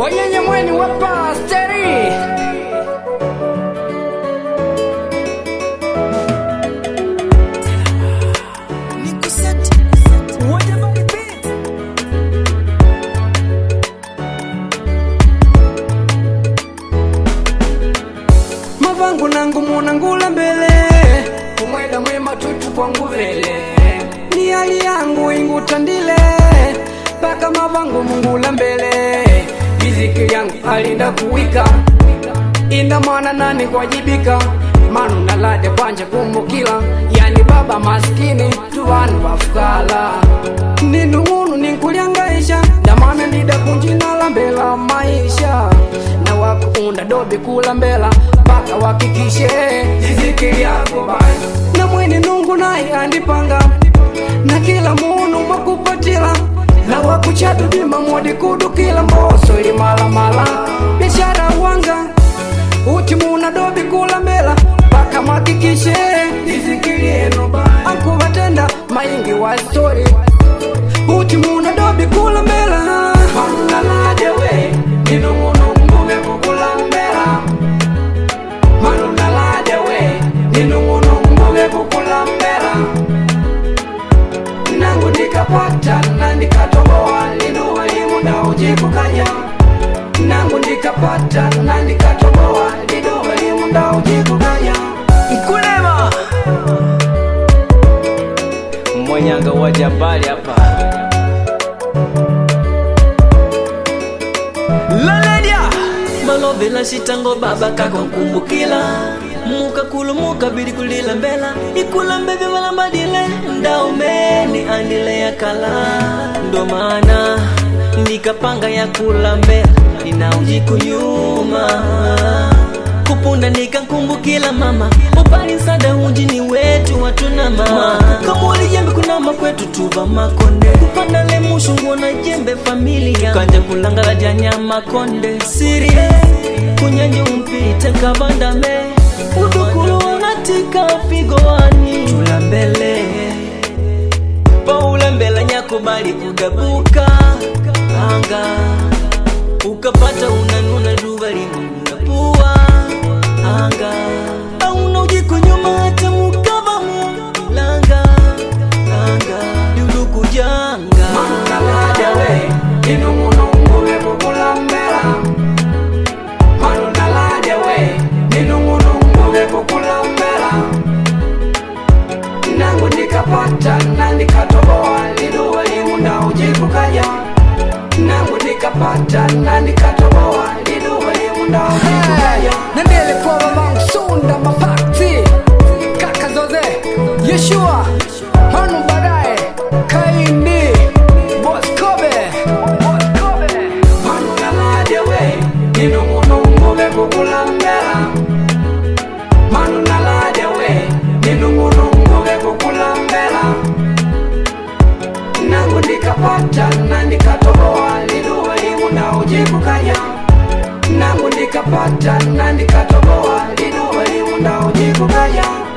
wanyenye mweni wa pasteri mavangu nangu munangula mbele kumwela mwema tutupwangu vele ni hali yangu ingutandile paka mavangu mungula mbele riziki yangu alinda kuwika, ina mana nani kuwajibika? manu nalade kwanje kumbukila yani baba maskini tuwanu bafukala ninuunu ninkulyangaisha ndamana ndida kunjinala mbela maisha na wakuunda dobi kula mbela mpaka wakikishe riziki yako na mwini nungu naye andipanga na kila munu mwaku na wakucha mwadi kudu kila mboso ili mala biashara wanga muna dobi kulamela paka mwakikishe anku ankuvatenda maingi wa stori ndaujikukanya nangu ndikapata na nikatoboa lidogo limu ndaujikukanya Mkulema Mwanyanga wa jambali hapa Laledia Malovela shitango baba kako kumbukila mukakulu mukabili kulila mbela ikula mbevi vala mbadile ndaumeni andile yakala ndomana Nikatumika panga ya kulambea, ninaunyikunyuma kupunda kila mama, popani msada unjini wetu watuna mama kamuli jembe kunama kwetu tuva makonde kupanda le mushungu na jembe familia kanja kulangala janya makonde siri kunyanje umpite kavandame udukulu wanatika figowani chula mbele paula mbele nyakubali kugabuka kanga ukapata unanuna, jua limunapua anga, auna nyuma hata mukava mulanga anga liulukujanga manunalajawe inu munungu vekukulambela manunalajawe inu munungu vekukulambela nangu nikapata na nikatoboa liluwe liuna ujikukanya nikapata na nikatoboa ndilo elimu ndao nayo nandele alikuwa mama usunda mapakti kaka zoze Yeshua hanu barae kaini boss kobe boss kobe hanu galadewe inomo nilikukanya nangu nikapata na nikatoboa, linuwe undao jikukanya